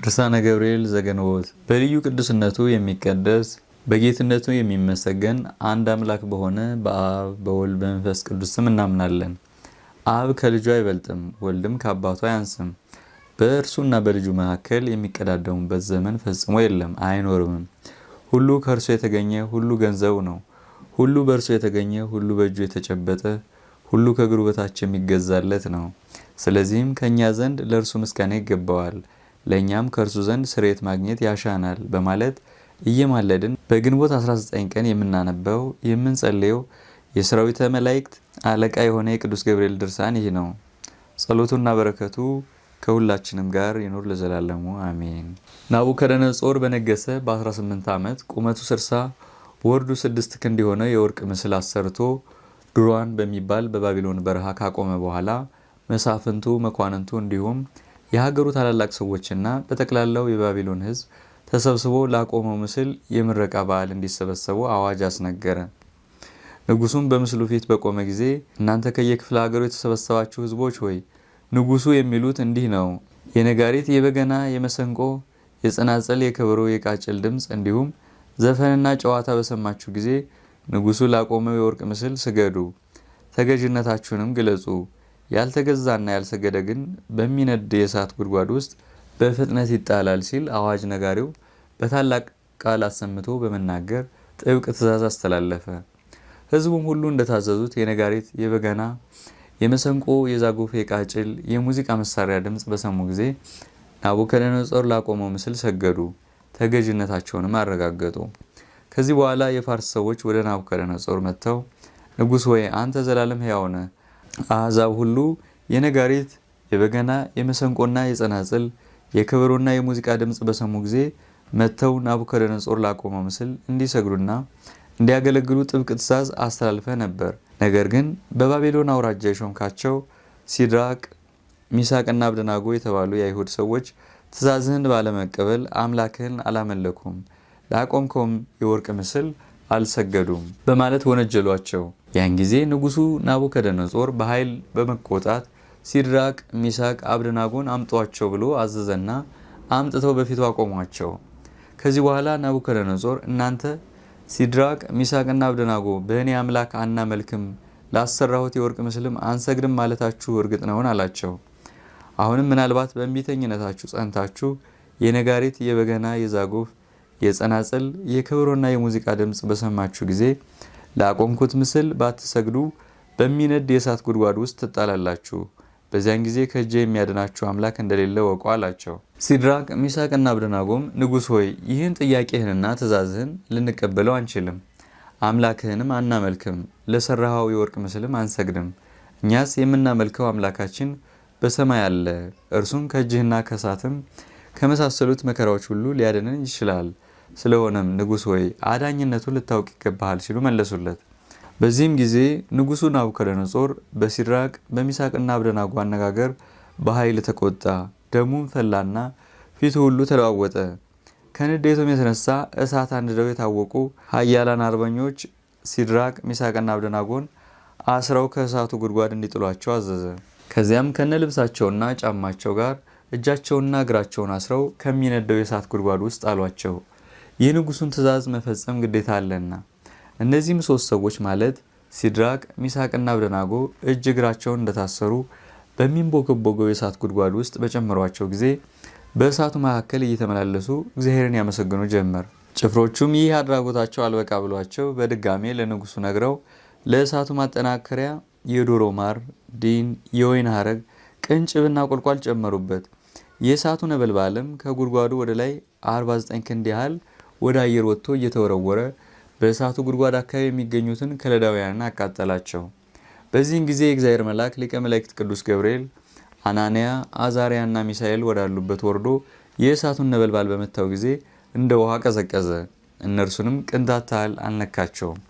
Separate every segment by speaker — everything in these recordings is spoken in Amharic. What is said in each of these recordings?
Speaker 1: ድርሳነ ገብርኤል ዘገንቦት በልዩ ቅዱስነቱ የሚቀደስ በጌትነቱ የሚመሰገን አንድ አምላክ በሆነ በአብ በወልድ በመንፈስ ቅዱስ ስም እናምናለን። አብ ከልጁ አይበልጥም፣ ወልድም ከአባቱ አያንስም። በእርሱና በልጁ መካከል የሚቀዳደሙበት ዘመን ፈጽሞ የለም አይኖርምም። ሁሉ ከእርሱ የተገኘ ሁሉ ገንዘቡ ነው። ሁሉ በእርሱ የተገኘ ሁሉ በእጁ የተጨበጠ ሁሉ ከእግሩ በታች የሚገዛለት ነው። ስለዚህም ከእኛ ዘንድ ለእርሱ ምስጋና ይገባዋል። ለእኛም ከእርሱ ዘንድ ስርት ማግኘት ያሻናል በማለት እየማለድን በግንቦት 19 ቀን የምናነበው የምንጸልየው የሰራዊተ መላእክት አለቃ የሆነ የቅዱስ ገብርኤል ድርሳን ይህ ነው። ጸሎቱና በረከቱ ከሁላችንም ጋር ይኑር ለዘላለሙ አሜን። ናቡከደነጾር በነገሰ በ18 ዓመት ቁመቱ 60 ወርዱ ስድስት ክንድ የሆነ የወርቅ ምስል አሰርቶ ድሯን በሚባል በባቢሎን በረሃ ካቆመ በኋላ መሳፍንቱ፣ መኳንንቱ እንዲሁም የሀገሩ ታላላቅ ሰዎችና በጠቅላላው የባቢሎን ህዝብ ተሰብስቦ ላቆመው ምስል የምረቃ በዓል እንዲሰበሰቡ አዋጅ አስነገረ። ንጉሱም በምስሉ ፊት በቆመ ጊዜ እናንተ ከየክፍለ ሀገሩ የተሰበሰባችሁ ህዝቦች ሆይ ንጉሱ የሚሉት እንዲህ ነው። የነጋሪት፣ የበገና፣ የመሰንቆ፣ የጸናጸል፣ የከበሮ፣ የቃጭል ድምፅ እንዲሁም ዘፈንና ጨዋታ በሰማችሁ ጊዜ ንጉሱ ላቆመው የወርቅ ምስል ስገዱ፣ ተገዥነታችሁንም ግለጹ ያልተገዛና ያልሰገደ ግን በሚነድ የእሳት ጉድጓድ ውስጥ በፍጥነት ይጣላል ሲል አዋጅ ነጋሪው በታላቅ ቃል አሰምቶ በመናገር ጥብቅ ትእዛዝ አስተላለፈ። ህዝቡም ሁሉ እንደታዘዙት የነጋሪት፣ የበገና፣ የመሰንቆ፣ የዛጎፍ፣ የቃጭል፣ የሙዚቃ መሳሪያ ድምፅ በሰሙ ጊዜ ናቡከደነጾር ላቆመው ምስል ሰገዱ፣ ተገዥነታቸውንም አረጋገጡ። ከዚህ በኋላ የፋርስ ሰዎች ወደ ናቡከደነጾር መጥተው ንጉሥ ወይ አንተ ዘላለም ሕያው ነህ አሕዛብ ሁሉ የነጋሪት የበገና የመሰንቆና የጸናጽል የከበሮና የሙዚቃ ድምፅ በሰሙ ጊዜ መጥተው ናቡከደነጾር ላቆመው ምስል እንዲሰግዱና እንዲያገለግሉ ጥብቅ ትእዛዝ አስተላልፈ ነበር። ነገር ግን በባቢሎን አውራጃ የሾምካቸው ሲድራቅ፣ ሚሳቅና አብደናጎ የተባሉ የአይሁድ ሰዎች ትእዛዝህን ባለመቀበል አምላክህን አላመለኩም፣ ላቆምከውም የወርቅ ምስል አልሰገዱም በማለት ወነጀሏቸው። ያን ጊዜ ንጉሱ ናቡከደነጾር በኃይል በመቆጣት ሲድራቅ፣ ሚሳቅ፣ አብደናጎን አምጧቸው ብሎ አዘዘና አምጥተው በፊቱ አቆሟቸው። ከዚህ በኋላ ናቡከደነጾር እናንተ ሲድራቅ፣ ሚሳቅና አብደናጎ በእኔ አምላክ አናመልክም፣ ላሰራሁት የወርቅ ምስልም አንሰግድም ማለታችሁ እርግጥ ነውን? አላቸው። አሁንም ምናልባት በእንቢተኝነታችሁ ጸንታችሁ የነጋሪት፣ የበገና፣ የዛጎፍ፣ የጸናጽል፣ የከበሮና የሙዚቃ ድምፅ በሰማችሁ ጊዜ ላቆምኩት ምስል ባትሰግዱ በሚነድ የእሳት ጉድጓድ ውስጥ ትጣላላችሁ። በዚያን ጊዜ ከእጄ የሚያድናችሁ አምላክ እንደሌለ ወቁ አላቸው። ሲድራቅ ሚሳቅና አብደናጎም ንጉሥ ሆይ ይህን ጥያቄህንና ትእዛዝህን ልንቀበለው አንችልም፣ አምላክህንም አናመልክም፣ ለሰራኸው የወርቅ ምስልም አንሰግድም። እኛስ የምናመልከው አምላካችን በሰማይ አለ፣ እርሱም ከእጅህና ከእሳትም ከመሳሰሉት መከራዎች ሁሉ ሊያድንን ይችላል። ስለሆነም ንጉሥ ወይ አዳኝነቱን ልታውቅ ይገባሃል ሲሉ መለሱለት። በዚህም ጊዜ ንጉሱ ናቡከደነጾር በሲድራቅ በሚሳቅና አብደናጎ አነጋገር በኃይል ተቆጣ። ደሙም ፈላና ፊቱ ሁሉ ተለዋወጠ። ከንዴቱም የተነሳ እሳት አንድደው የታወቁ ኃያላን አርበኞች ሲድራቅ ሚሳቅና አብደናጎን አስረው ከእሳቱ ጉድጓድ እንዲጥሏቸው አዘዘ። ከዚያም ከነ ልብሳቸውና ጫማቸው ጋር እጃቸውና እግራቸውን አስረው ከሚነደው የእሳት ጉድጓድ ውስጥ አሏቸው። የንጉሱን ትእዛዝ መፈጸም ግዴታ አለና። እነዚህም ሶስት ሰዎች ማለት ሲድራቅ ሚሳቅና አብደናጎ እጅ እግራቸውን እንደታሰሩ በሚንቦገቦገው የእሳት ጉድጓድ ውስጥ በጨመሯቸው ጊዜ በእሳቱ መካከል እየተመላለሱ እግዚአብሔርን ያመሰግኑ ጀመር። ጭፍሮቹም ይህ አድራጎታቸው አልበቃ ብሏቸው በድጋሜ ለንጉሱ ነግረው ለእሳቱ ማጠናከሪያ የዶሮ ማር፣ ዲን፣ የወይን ሀረግ፣ ቅንጭብና ቁልቋል ጨመሩበት። የእሳቱ ነበልባልም ከጉድጓዱ ወደ ላይ 49 ክንድ ያህል ወደ አየር ወጥቶ እየተወረወረ በእሳቱ ጉድጓድ አካባቢ የሚገኙትን ከለዳውያንን አቃጠላቸው። በዚህን ጊዜ የእግዚአብሔር መልአክ ሊቀ መላእክት ቅዱስ ገብርኤል አናንያ አዛሪያና ሚሳኤል ወዳሉበት ወርዶ የእሳቱን ነበልባል በመታው ጊዜ እንደ ውሃ ቀዘቀዘ። እነርሱንም ቅንጣት ል አልነካቸውም።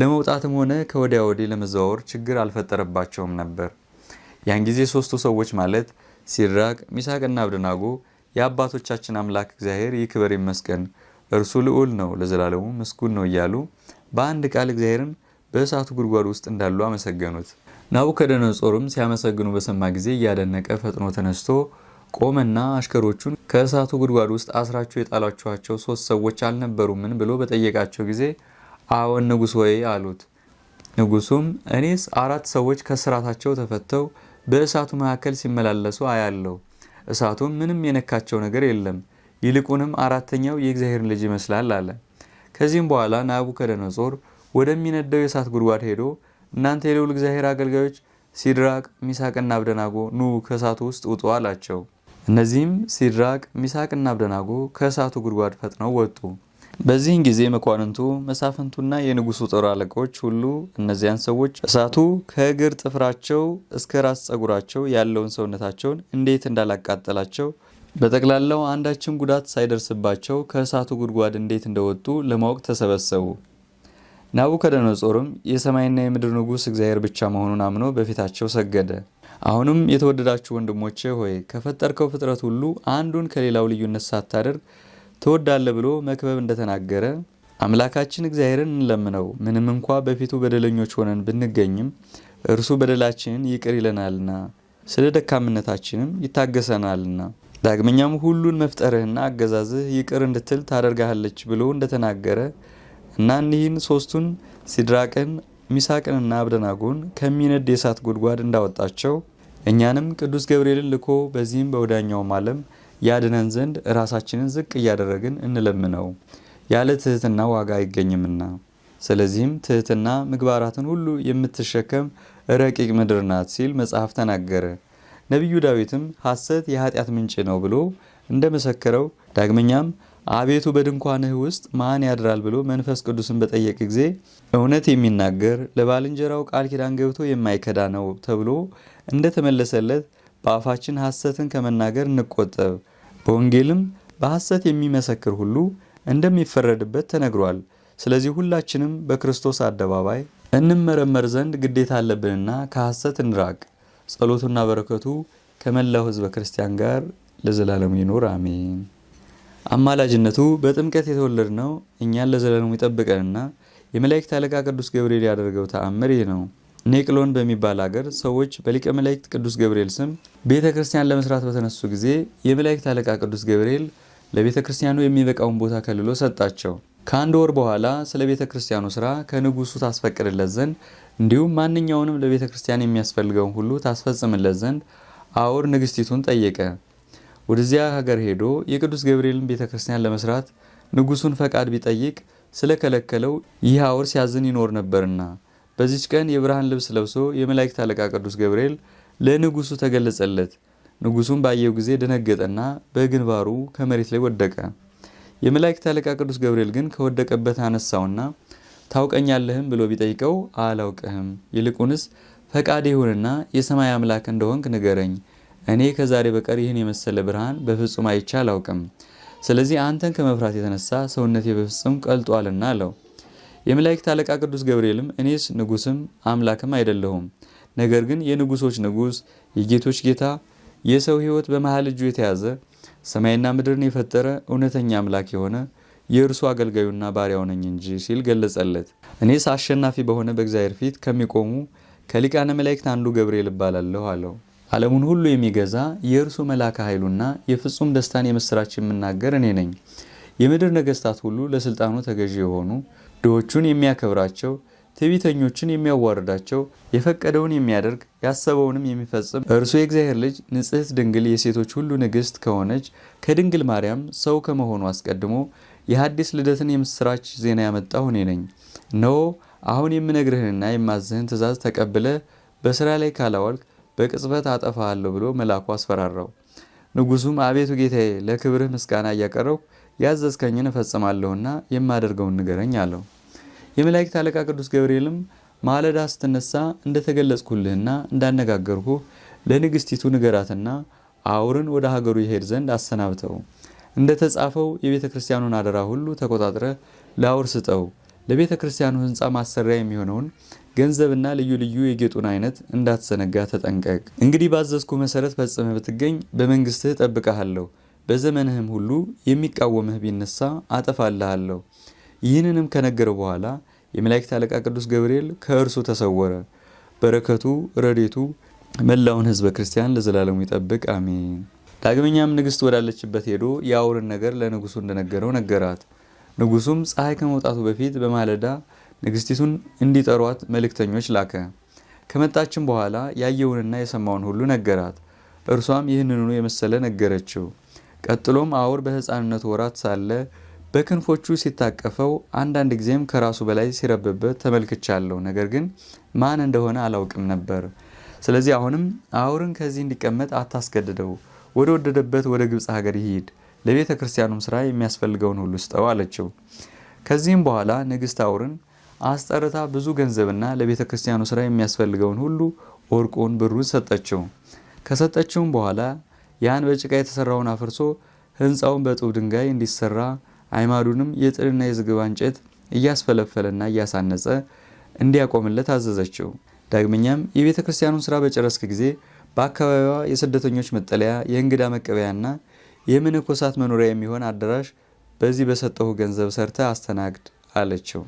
Speaker 1: ለመውጣትም ሆነ ከወዲያ ወዲህ ለመዘዋወር ችግር አልፈጠረባቸውም ነበር። ያን ጊዜ ሶስቱ ሰዎች ማለት ሲድራቅ፣ ሚሳቅና አብደናጎ የአባቶቻችን አምላክ እግዚአብሔር ይክበር ይመስገን፣ እርሱ ልዑል ነው ለዘላለሙ ምስጉን ነው እያሉ በአንድ ቃል እግዚአብሔርን በእሳቱ ጉድጓድ ውስጥ እንዳሉ አመሰገኑት። ናቡከደነጾርም ሲያመሰግኑ በሰማ ጊዜ እያደነቀ ፈጥኖ ተነስቶ ቆመና አሽከሮቹን ከእሳቱ ጉድጓድ ውስጥ አስራችሁ የጣላችኋቸው ሶስት ሰዎች አልነበሩምን ብሎ በጠየቃቸው ጊዜ አዎን ንጉሥ ወይ አሉት። ንጉሱም እኔስ አራት ሰዎች ከስራታቸው ተፈተው በእሳቱ መካከል ሲመላለሱ አያለው፣ እሳቱም ምንም የነካቸው ነገር የለም ይልቁንም አራተኛው የእግዚአብሔርን ልጅ ይመስላል አለ። ከዚህም በኋላ ናቡከደነጾር ወደሚነደው የእሳት ጉድጓድ ሄዶ እናንተ የልዑል እግዚአብሔር አገልጋዮች ሲድራቅ፣ ሚሳቅና አብደናጎ ኑ ከእሳቱ ውስጥ ውጡ አላቸው። እነዚህም ሲድራቅ፣ ሚሳቅና አብደናጎ ከእሳቱ ጉድጓድ ፈጥነው ወጡ። በዚህን ጊዜ መኳንንቱ መሳፍንቱና የንጉሱ ጦር አለቆች ሁሉ እነዚያን ሰዎች እሳቱ ከእግር ጥፍራቸው እስከ ራስ ጸጉራቸው ያለውን ሰውነታቸውን እንዴት እንዳላቃጠላቸው በጠቅላላው አንዳችም ጉዳት ሳይደርስባቸው ከእሳቱ ጉድጓድ እንዴት እንደወጡ ለማወቅ ተሰበሰቡ። ናቡከደነጾርም የሰማይና የምድር ንጉሥ እግዚአብሔር ብቻ መሆኑን አምኖ በፊታቸው ሰገደ። አሁንም የተወደዳችሁ ወንድሞቼ ሆይ ከፈጠርከው ፍጥረት ሁሉ አንዱን ከሌላው ልዩነት ሳታደርግ ትወዳለ ብሎ መክበብ እንደተናገረ አምላካችን እግዚአብሔርን እንለምነው። ምንም እንኳ በፊቱ በደለኞች ሆነን ብንገኝም እርሱ በደላችንን ይቅር ይለናልና ስለ ደካምነታችንም ይታገሰናልና። ዳግመኛም ሁሉን መፍጠርህና አገዛዝህ ይቅር እንድትል ታደርግሃለች ብሎ እንደተናገረ እና እኒህን ሶስቱን ሲድራቅን ሚሳቅንና አብደናጎን ከሚነድ የእሳት ጉድጓድ እንዳወጣቸው እኛንም ቅዱስ ገብርኤልን ልኮ በዚህም በወዳኛውም ዓለም ያድነን ዘንድ ራሳችንን ዝቅ እያደረግን እንለምነው። ያለ ትህትና ዋጋ አይገኝምና። ስለዚህም ትህትና ምግባራትን ሁሉ የምትሸከም ረቂቅ ምድር ናት ሲል መጽሐፍ ተናገረ። ነቢዩ ዳዊትም ሐሰት የኃጢአት ምንጭ ነው ብሎ እንደመሰከረው ዳግመኛም አቤቱ በድንኳንህ ውስጥ ማን ያድራል ብሎ መንፈስ ቅዱስን በጠየቀ ጊዜ እውነት የሚናገር ለባልንጀራው ቃል ኪዳን ገብቶ የማይከዳ ነው ተብሎ እንደተመለሰለት በአፋችን ሐሰትን ከመናገር እንቆጠብ፣ በወንጌልም በሐሰት የሚመሰክር ሁሉ እንደሚፈረድበት ተነግሯል። ስለዚህ ሁላችንም በክርስቶስ አደባባይ እንመረመር ዘንድ ግዴታ አለብንና ከሐሰት እንራቅ። ጸሎቱና በረከቱ ከመላው ህዝበ ክርስቲያን ጋር ለዘላለሙ ይኑር አሜን። አማላጅነቱ በጥምቀት ነው እኛን ለዘላለሙ ይጠብቀንና የመላእክት አለቃ ቅዱስ ገብርኤል ያደረገው ተአምር ይህ ነው። ኔቅሎን በሚባል አገር ሰዎች በሊቀ መላእክት ቅዱስ ገብርኤል ስም ቤተ ክርስቲያን ለመስራት በተነሱ ጊዜ የመላእክት አለቃ ቅዱስ ገብርኤል ለቤተ ክርስቲያኑ የሚበቃውን ቦታ ከልሎ ሰጣቸው። ከአንድ ወር በኋላ ስለ ቤተ ክርስቲያኑ ስራ ከንጉሱ ታስፈቅድለት ዘንድ እንዲሁም ማንኛውንም ለቤተ ክርስቲያን የሚያስፈልገውን ሁሉ ታስፈጽምለት ዘንድ አውር ንግስቲቱን ጠየቀ። ወደዚያ ሀገር ሄዶ የቅዱስ ገብርኤልን ቤተ ክርስቲያን ለመስራት ንጉሱን ፈቃድ ቢጠይቅ ስለከለከለው ይህ አውር ሲያዝን ይኖር ነበርና በዚች ቀን የብርሃን ልብስ ለብሶ የመላእክት አለቃ ቅዱስ ገብርኤል ለንጉሱ ተገለጸለት። ንጉሱም ባየው ጊዜ ደነገጠና በግንባሩ ከመሬት ላይ ወደቀ። የመላእክት አለቃ ቅዱስ ገብርኤል ግን ከወደቀበት አነሳውና ታውቀኛለህም ብሎ ቢጠይቀው አላውቅህም፣ ይልቁንስ ፈቃድ ይሁንና የሰማይ አምላክ እንደሆንክ ንገረኝ። እኔ ከዛሬ በቀር ይህን የመሰለ ብርሃን በፍጹም አይቼ አላውቅም። ስለዚህ አንተን ከመፍራት የተነሳ ሰውነቴ በፍጹም ቀልጧልና አለው። የመላእክት አለቃ ቅዱስ ገብርኤልም እኔስ ንጉስም አምላክም አይደለሁም፣ ነገር ግን የንጉሶች ንጉስ የጌቶች ጌታ የሰው ህይወት በመሃል እጁ የተያዘ ሰማይና ምድርን የፈጠረ እውነተኛ አምላክ የሆነ የእርሱ አገልጋዩና ባሪያው ነኝ እንጂ ሲል ገለጸለት። እኔስ አሸናፊ በሆነ በእግዚአብሔር ፊት ከሚቆሙ ከሊቃነ መላእክት አንዱ ገብርኤል እባላለሁ አለው። ዓለሙን ሁሉ የሚገዛ የእርሱ መልአከ ኃይሉና የፍጹም ደስታን የምስራች የምናገር እኔ ነኝ። የምድር ነገሥታት ሁሉ ለሥልጣኑ ተገዢ የሆኑ ድሆቹን የሚያከብራቸው ትዕቢተኞችን የሚያዋርዳቸው የፈቀደውን የሚያደርግ ያሰበውንም የሚፈጽም እርሱ የእግዚአብሔር ልጅ ንጽሕት ድንግል የሴቶች ሁሉ ንግሥት ከሆነች ከድንግል ማርያም ሰው ከመሆኑ አስቀድሞ የሐዲስ ልደትን የምስራች ዜና ያመጣሁ እኔ ነኝ። እነሆ አሁን የምነግርህንና የማዝህን ትእዛዝ ተቀብለ በስራ ላይ ካላዋልክ በቅጽበት አጠፋሃለሁ ብሎ መልአኩ አስፈራራው። ንጉሱም አቤቱ ጌታዬ፣ ለክብርህ ምስጋና እያቀረብኩ ያዘዝከኝን እፈጽማለሁና የማደርገውን ንገረኝ አለው። የመላእክት አለቃ ቅዱስ ገብርኤልም ማለዳ ስትነሳ እንደተገለጽኩልህና እንዳነጋገርኩ ለንግስቲቱ ንገራትና አውርን ወደ ሀገሩ ይሄድ ዘንድ አሰናብተው እንደተጻፈው የቤተ ክርስቲያኑን አደራ ሁሉ ተቆጣጥረ ለአውር ስጠው። ለቤተ ክርስቲያኑ ህንፃ ማሰሪያ የሚሆነውን ገንዘብና ልዩ ልዩ የጌጡን አይነት እንዳትዘነጋ ተጠንቀቅ። እንግዲህ ባዘዝኩ መሰረት ፈጽመህ ብትገኝ በመንግስትህ ጠብቀሃለሁ። በዘመንህም ሁሉ የሚቃወምህ ቢነሳ አጠፋልሃለሁ። ይህንንም ከነገረ በኋላ የመላእክት አለቃ ቅዱስ ገብርኤል ከእርሱ ተሰወረ። በረከቱ ረዴቱ መላውን ህዝበ ክርስቲያን ለዘላለሙ ይጠብቅ፣ አሜን። ዳግመኛም ንግስት ወዳለችበት ሄዶ የአውርን ነገር ለንጉሱ እንደነገረው ነገራት። ንጉሱም ፀሐይ ከመውጣቱ በፊት በማለዳ ንግስቲቱን እንዲጠሯት መልእክተኞች ላከ። ከመጣችም በኋላ ያየውንና የሰማውን ሁሉ ነገራት። እርሷም ይህንኑ የመሰለ ነገረችው። ቀጥሎም አውር በህፃንነቱ ወራት ሳለ በክንፎቹ ሲታቀፈው አንዳንድ ጊዜም ከራሱ በላይ ሲረብበት ተመልክቻለሁ። ነገር ግን ማን እንደሆነ አላውቅም ነበር። ስለዚህ አሁንም አውርን ከዚህ እንዲቀመጥ አታስገድደው ወደ ወደደበት ወደ ግብፅ ሀገር ይሂድ፣ ለቤተ ክርስቲያኑም ስራ የሚያስፈልገውን ሁሉ ስጠው አለችው። ከዚህም በኋላ ንግሥት አውርን አስጠርታ ብዙ ገንዘብና ለቤተ ክርስቲያኑ ስራ የሚያስፈልገውን ሁሉ ወርቁን፣ ብሩን ሰጠችው። ከሰጠችውም በኋላ ያን በጭቃ የተሰራውን አፍርሶ ህንፃውን በጡብ ድንጋይ እንዲሰራ አይማዱንም የጥድና የዝግባ እንጨት እያስፈለፈለና እያሳነጸ እንዲያቆምለት አዘዘችው። ዳግመኛም የቤተ ክርስቲያኑን ስራ በጨረስክ ጊዜ በአካባቢዋ የስደተኞች መጠለያ፣ የእንግዳ መቀበያና የመነኮሳት መኖሪያ የሚሆን አዳራሽ በዚህ በሰጠሁ ገንዘብ ሰርተ አስተናግድ አለችው።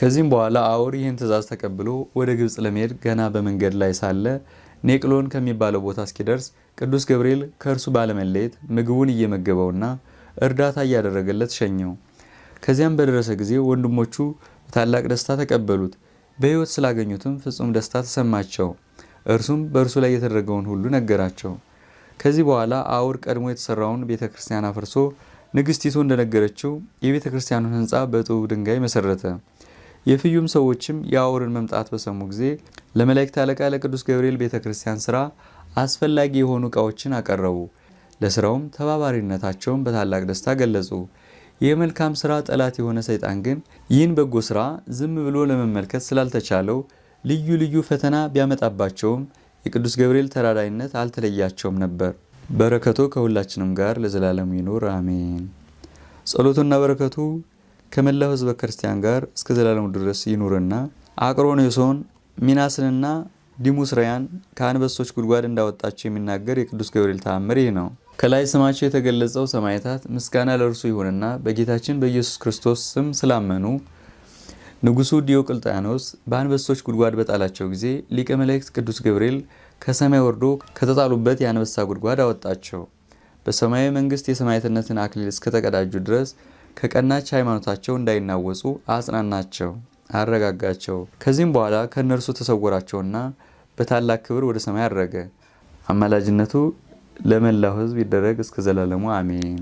Speaker 1: ከዚህም በኋላ አውር ይህን ትዕዛዝ ተቀብሎ ወደ ግብፅ ለመሄድ ገና በመንገድ ላይ ሳለ ኔቅሎን ከሚባለው ቦታ እስኪደርስ ቅዱስ ገብርኤል ከእርሱ ባለመለየት ምግቡን እየመገበውና እርዳታ እያደረገለት ሸኘው። ከዚያም በደረሰ ጊዜ ወንድሞቹ በታላቅ ደስታ ተቀበሉት። በሕይወት ስላገኙትም ፍጹም ደስታ ተሰማቸው። እርሱም በእርሱ ላይ የተደረገውን ሁሉ ነገራቸው። ከዚህ በኋላ አውር ቀድሞ የተሰራውን ቤተ ክርስቲያን አፍርሶ ንግስቲቱ እንደነገረችው የቤተ ክርስቲያኑን ህንፃ በጡብ ድንጋይ መሰረተ። የፍዩም ሰዎችም የአውርን መምጣት በሰሙ ጊዜ ለመላእክት አለቃ ለቅዱስ ገብርኤል ቤተ ክርስቲያን ስራ አስፈላጊ የሆኑ እቃዎችን አቀረቡ። ለስራውም ተባባሪነታቸውን በታላቅ ደስታ ገለጹ። የመልካም ስራ ጠላት የሆነ ሰይጣን ግን ይህን በጎ ስራ ዝም ብሎ ለመመልከት ስላልተቻለው ልዩ ልዩ ፈተና ቢያመጣባቸውም የቅዱስ ገብርኤል ተራዳይነት አልተለያቸውም ነበር። በረከቱ ከሁላችንም ጋር ለዘላለሙ ይኑር አሜን። ጸሎቱና በረከቱ ከመላው ሕዝበ ክርስቲያን ጋር እስከ ዘላለሙ ድረስ ይኑርና አቅሮኔሶን ሚናስንና ዲሙስራያን ከአንበሶች ጉድጓድ እንዳወጣቸው የሚናገር የቅዱስ ገብርኤል ተአምር ይህ ነው። ከላይ ስማቸው የተገለጸው ሰማዕታት ምስጋና ለእርሱ ይሁንና በጌታችን በኢየሱስ ክርስቶስ ስም ስላመኑ ንጉሱ ዲዮቅልጥያኖስ በአንበሶች ጉድጓድ በጣላቸው ጊዜ ሊቀ መላእክት ቅዱስ ገብርኤል ከሰማይ ወርዶ ከተጣሉበት የአንበሳ ጉድጓድ አወጣቸው። በሰማያዊ መንግስት የሰማዕትነትን አክሊል እስከተቀዳጁ ድረስ ከቀናች ሃይማኖታቸው እንዳይናወጹ አጽናናቸው፣ አረጋጋቸው። ከዚህም በኋላ ከእነርሱ ተሰወራቸውና በታላቅ ክብር ወደ ሰማይ አረገ። አማላጅነቱ ለመላው ሕዝብ ይደረግ እስከ ዘላለሙ አሜን።